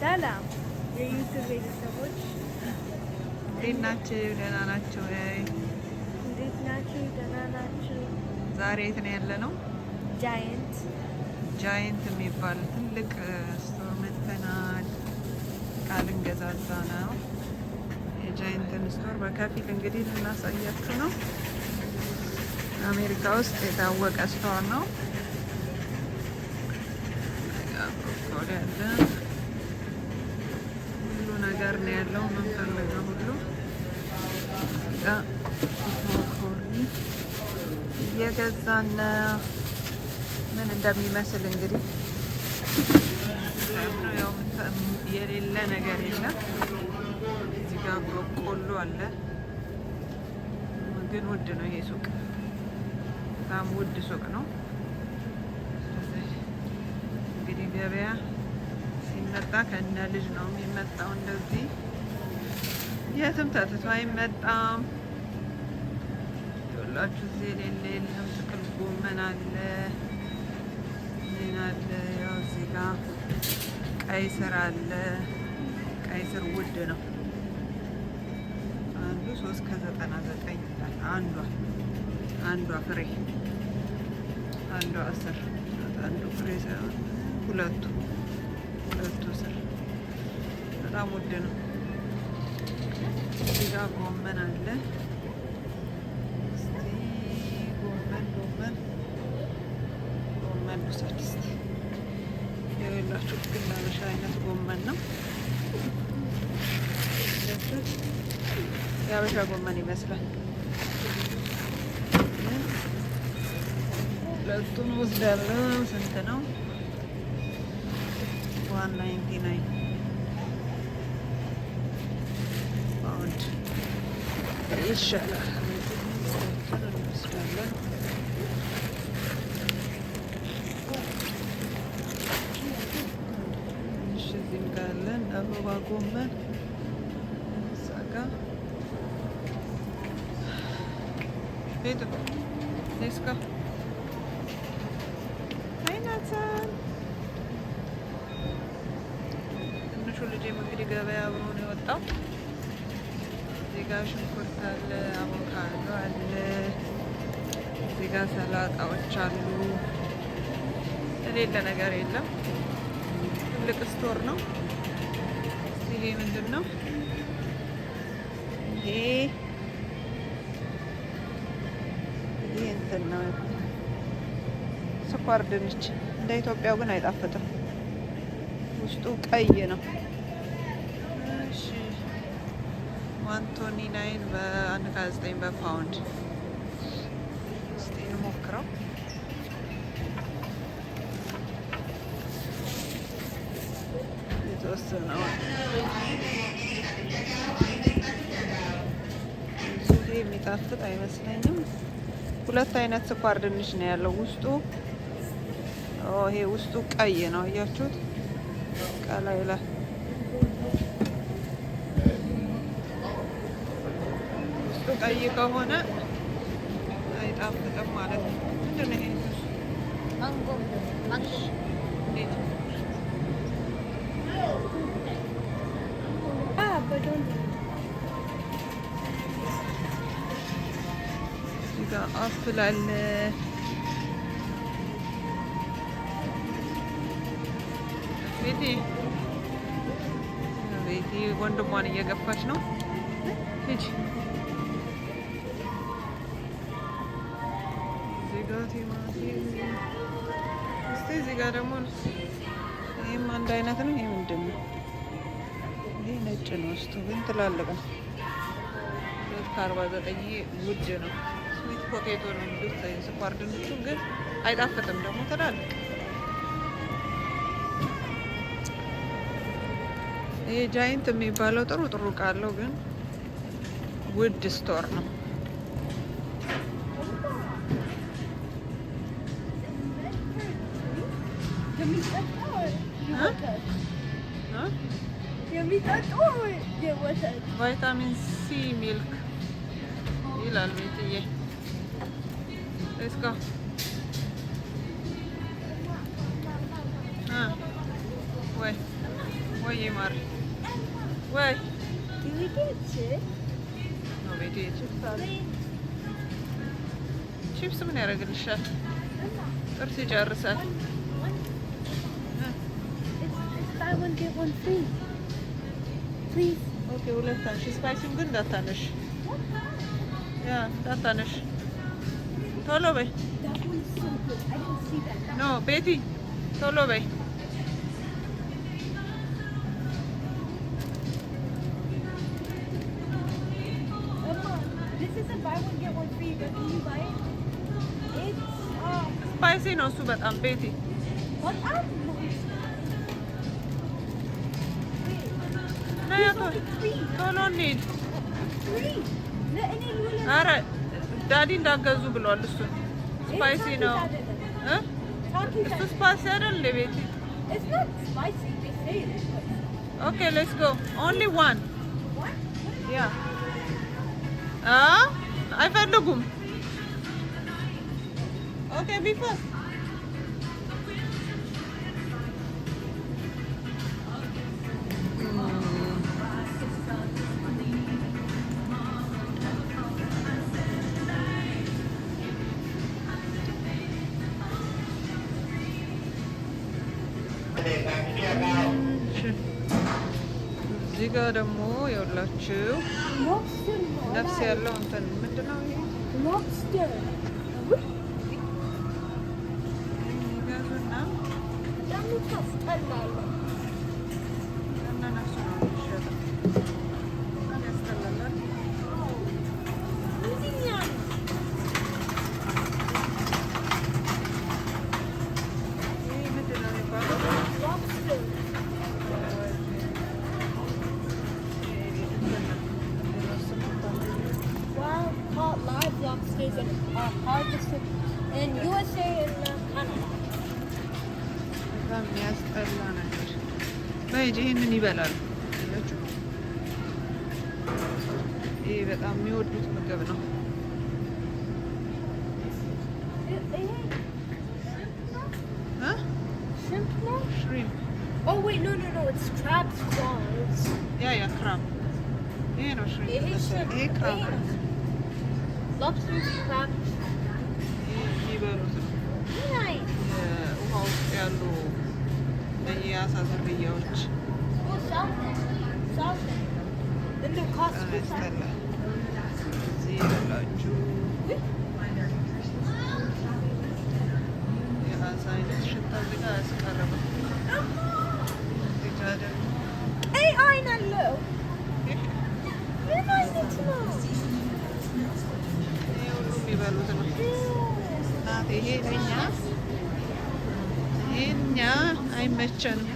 ሰላም የዩቱብ ቤተሰቦች እንዴት ናችሁ? ደህና ናችሁ? እንዴት ናችሁ? ደህና ናችሁ? ዛሬ የት ነው ያለ ነው? ጃይንት ጃይንት የሚባል ትልቅ ስቶር መጥተናል። ቃልን ገዛዛ ነው የጃይንትን ስቶር በከፊል እንግዲህ ልናሳያችሁ ነው። አሜሪካ ውስጥ የታወቀ ስቶር ነው። ብሮኮሊ አለ። ሁሉ ነገር ነው ያለው የምንፈልገው ሁሉ ብሮኮሊ እየገዛን ምን እንደሚመስል እንግዲህ የሌለ ነገር የለም። እዚህ ጋር ብሮኮሎ አለ። ግን ውድ ነው ይሄ ሱቅ፣ በጣም ውድ ሱቅ ነው። ገበያ ሲመጣ ከነ ልጅ ነው የሚመጣው። እንደዚህ የትም ተትቶ አይመጣም። ሁላችሁ እዚህ ሌለ የለም። ጥቅል ጎመን አለ፣ ምን አለ? ያው እዚህ ጋ ቀይ ስር አለ። ቀይ ስር ውድ ነው። አንዱ ሶስት ከዘጠና ዘጠኝ ይላል። አንዷ አንዷ ፍሬ አንዷ አስር አንዱ ፍሬ ሁለቱ ሁለቱ ስር በጣም ውድ ነው። እዚህ ጎመን አለ። እስቲ ጎመን ጎመን ጎመን ውሰድ እስቲ። የሌላችሁ ግን አይነት ጎመን ነው። የአበሻ ጎመን ይመስላል። ሁለቱን ወስዳለሁ። ስንት ነው? 199 ፓውንድ ይሻላል። እዚህም ጋር አበባ ጎመን እዛ ጋር ገበያ አብሮ ነው የወጣው። ዜጋ ሽንኩርት አለ፣ አቮካዶ አለ፣ እዚህ ሰላጣዎች አሉ። የሌለ ነገር የለም። ትልቅ ስቶር ነው። ይሄ ምንድን ነው? ይሄ ይሄ እንትን ነው ስኳር ድንች። እንደ ኢትዮጵያው ግን አይጣፍጥም። ውስጡ ቀይ ነው። ዋንቶኒ ናይን በአንድ ከዘጠኝ በፓውንድ ስቴን ሞክረው የተወሰነው የሚጣፍጥ አይመስለኝም። ሁለት አይነት ስኳር ድንች ነው ያለው ውስጡ። ይሄ ውስጡ ቀይ ነው፣ እያችሁት ቀላይ ላይ ቀይ ከሆነ አይጣፍጥም ማለት ነው። ምንድን ነው ይሄ? እዚህ አፕል አለ። ቤቴ ቤቴ ወንድሟን እየገፋች ነው ሂጂ እዚህ ጋር ቲማቲም፣ እስኪ እዚህ ጋር ደግሞ ይህም አንድ አይነት ነው። ይህ ምንድን ነው? ይህ ነጭ ነው። እስቱ ግን ትላልቅ ነው። ሁለት ከአርባ ዘጠኝ ውድ ነው። ስዊት ፖቴቶ ነው ስኳር ድንቹ ግን አይጣፍጥም ደግሞ ትላልቅ ይህ ጃይንት የሚባለው ጥሩ ጥሩ ቃለው ግን ውድ ስቶር ነው። huh? Huh? Jag missar tår. Det var sött. Vitamin C milk. Gillar vi 10. Det ska. Ah. Oj. Oj, Jimar. Oj. Det vet inte. Jag vet inte one get one free. Please. Okay, we'll tanış. Spicy gün de tanish. Yeah, da tanış. Tolo bey. No, um, Betty. Tolo bey. Spicy ነው እሱ በጣም Betty. በጣም ቶሎ እንሂድ። ኧረ ዳዲ እንዳገዙ ብሏል። እሱ ስፓይሲ ነው እሱ ስፓይሲ አይደል ቤቲ? ኦኬ ሌትስ ጎ ኦንሊ ዋን ያ አይፈልጉም። ኦኬ ቢፈስ ጋር ደግሞ የሁላችሁ ነፍስ ያለው እንትን ምንድነው ይሄ? ይበላል። ይህ በጣም የሚወዱት ምግብ ነው። ይበሉት ነው። ውሃ ውስጥ ያሉ የአሳ ዝርያዎች Ey aynen lo. Ne var ne tuna? Ne Ay meçhanım.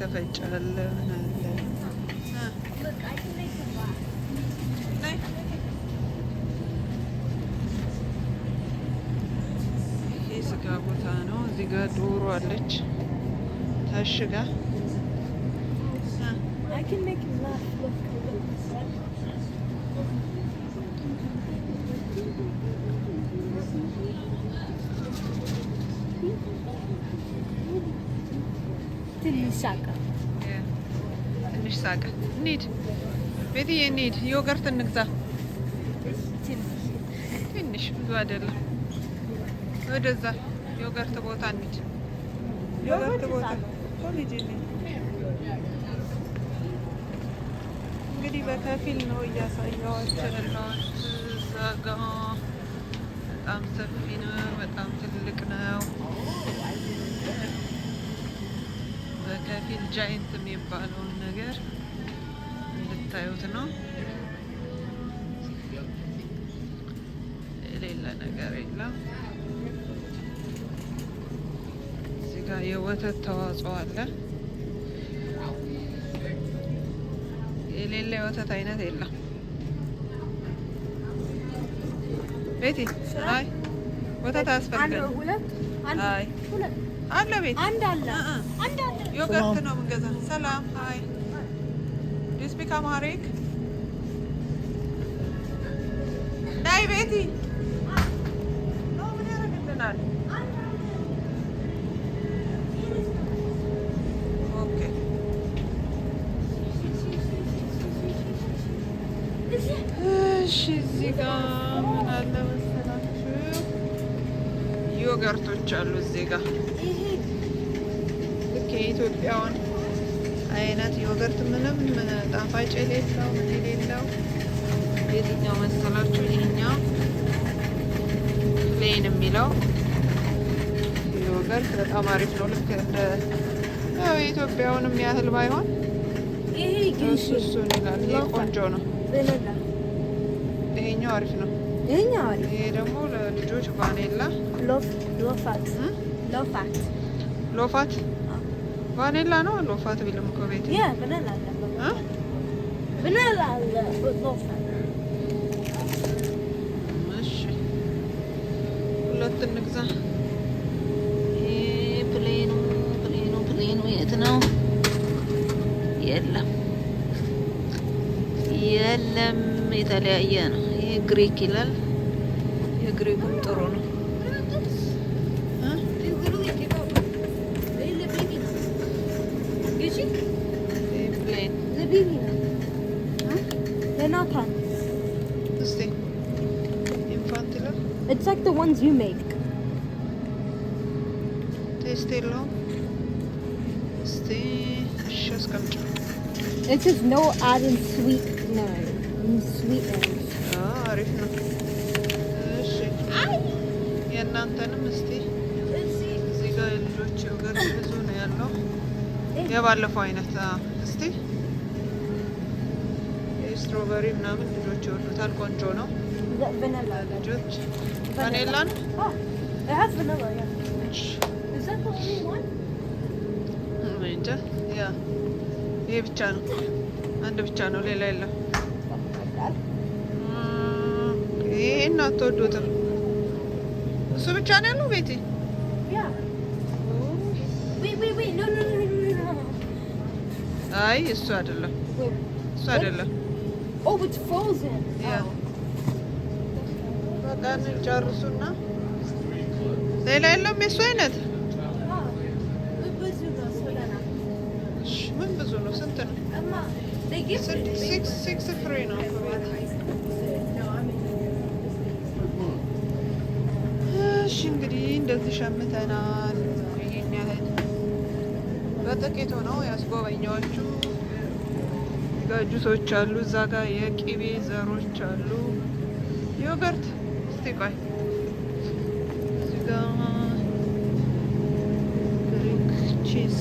የተፈጨ ምን አለ ይህ ስጋ ቦታ ነው። እዚህ ጋር ዶሮ አለች ታሽጋ ትንሽ ሳቀ፣ ትንሽ ሳቀ። እንሂድ ቤትዬ፣ እንሂድ ዮገርት እንግዛ። ትንሽ ብዙ አይደለም። ወደዛ ዮገርት ቦታ እንሂድ። ዮገርት ቦታ እንግዲህ በከፊል ነው እያሳየኋቸው ያለሁት። እዛ ጋ በጣም ሰፊ ነው፣ በጣም ትልቅ ነው። በከፊል ጃይንት የሚባለውን ነገር እንድታዩት ነው። የሌለ ነገር የለም። እዚህ ጋ የወተት ተዋጽኦ አለ። የሌለ የወተት አይነት የለም። ቤቲ አይ ወተት አያስፈልገንም። አይ አለ ቤት አንድ አለ አንድ ዮገርት ነው የምንገዛ። ሰላም ሀይ ዲስፒክ አማሪክ ናይ ቤቲ ምን ያደርግልናል? እሺ እዚህ ጋ ምን አለ መሰላችሁ ዮገርቶች አሉ እዚህ ጋ የኢትዮጵያውን አይነት ዮገርት ምንም ጣፋጭ የሌለው ምን የሌለው የትኛው መሰላችሁ? ይህኛው ፕሌን የሚለው ዮገርት በጣም አሪፍ ነው። ልክ እንደ ያው የኢትዮጵያውንም ያህል ባይሆን እሱን ይላል። ይህ ቆንጆ ነው። ይሄኛው አሪፍ ነው። ይሄ ደግሞ ለልጆች ቫኔላ ሎፋት ሎፋት ቫኔላ ነው አሉ ፋት ቢልም እኮ ቤት ሁለት እንግዛ። የት ነው? የለም የለም፣ የተለያየ ነው። ይሄ ግሪክ ይላል። የግሪኩም ጥሩ ነው። napalm. This thing. Infantile. It's like the ones you make. Testillo. just Сейчас скажу. It says no added sweet no sweeteners. Ah, عرفنا. እሺ. የእናንተንም እስቲ እዚህ ጋር የልጆች ነገር ብዙ ነው ያለው የባለፈው አይነት እስቲ ስትሮበሪ ምናምን ልጆች ይወዱታል። ቆንጆ ነው ልጆች። ቫኔላ ይሄ ብቻ ነው፣ አንድ ብቻ ነው፣ ሌላ የለም። ይሄን አትወዱትም? እሱ ብቻ ነው ያለው ቤቴ አይ እሱ አይደለም፣ እሱ አይደለም። Oh, it's frozen. Yeah. Oh. በቃ እንጨርሱና ሌላ የለውም የሱ አይነት ምን ብዙ ነው? ስንት ነው? ሲክስ ፍሬ ነው። እሺ እንግዲህ እንደዚህ ሸምተናል። ይሄን ያህል በጥቂቱ ነው ያስጎበኘዋችሁ። የተዘጋጁ ሰዎች አሉ። እዛ ጋር የቅቤ ዘሮች አሉ። ዮገርት እስቲ ቆይ እዚህ ጋ ድሪንክ ቺዝ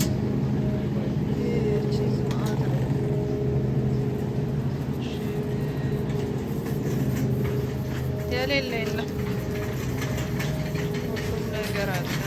የሌለ የለም ሁሉም ነገር አለ።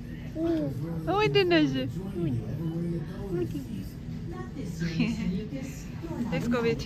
Ой, oh, Денезі. Let's go with.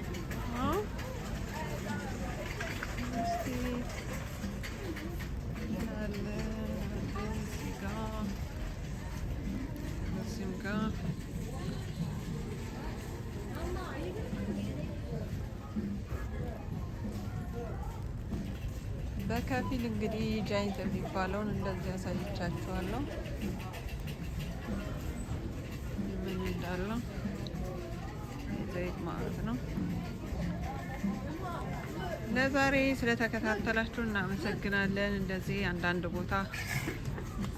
ከፊል እንግዲህ ጃይንት የሚባለውን እንደዚህ ያሳይቻችኋለሁ። ምን እንዳለው ዘይት ማለት ነው። ለዛሬ ስለተከታተላችሁ እናመሰግናለን። እንደዚህ አንዳንድ ቦታ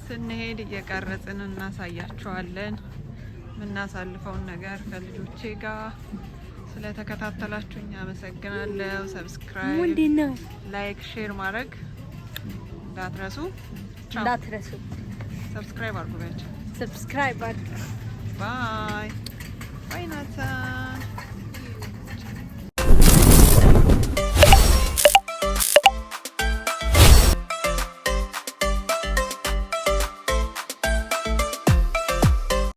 ስንሄድ እየቀረጽን እናሳያችኋለን። የምናሳልፈውን ነገር ከልጆቼ ጋር ስለተከታተላችሁኝ አመሰግናለሁ። ሰብስክራይብ፣ ላይክ፣ ሼር ማድረግ እንዳትረሱ እንዳትረሱ። ሰብስክራይብ አድርጉ። ሰብስክራይብ አድርጉ። ባይ ባይ